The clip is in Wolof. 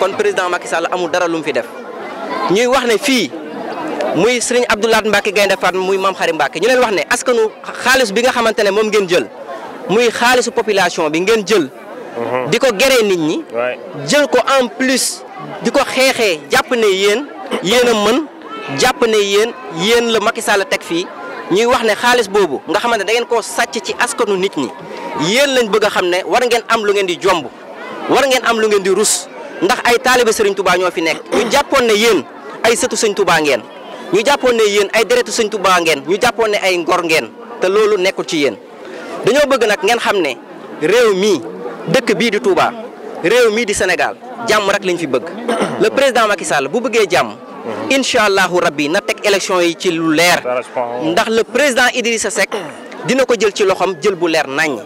kon président Macky Sall amul dara lu mu fi def ñuy wax ne fii muy sëriñ Abdoulaye Mbacke Gaynde Fatma muy Mame Khary Mbacke ñu leen wax ne askanu xaalis bi nga xamante ne moom ngeen jël muy xaalisu population bi ngeen jël. Mhm. di ko geree nit ñi. jël ko en plus di ko xeexee jàpp ne yéen yéen a mën jàpp ne yéen yéen la Macky Sall teg fii ñuy wax ne xaalis boobu nga xamante ne da ngeen koo sàcc ci askanu nit ñi yéen lañ bëgg a xam ne war ngeen am lu ngeen di jomb ndax ay taalibe Serigne Touba ñoo fi nekk ñu jàppoon ne yéen ay sëtu Serigne Touba ngeen ñu jàppoon ne yéen ay deretu Serigne Touba ngeen jàppoon ne ay ngor ngeen te loolu nekkul ci yéen dañoo bëgg nag ngeen xam ne réew mii dëkk bii di Touba réew mii di Sénégal jàmm rek lañ fi bëgg le président Macky Sall bu bëggee jàmm incha allahu rabbi na teg élection yi ci lu leer ndax le président sa Seck dina ko jël ci loxoom jël bu leer nañ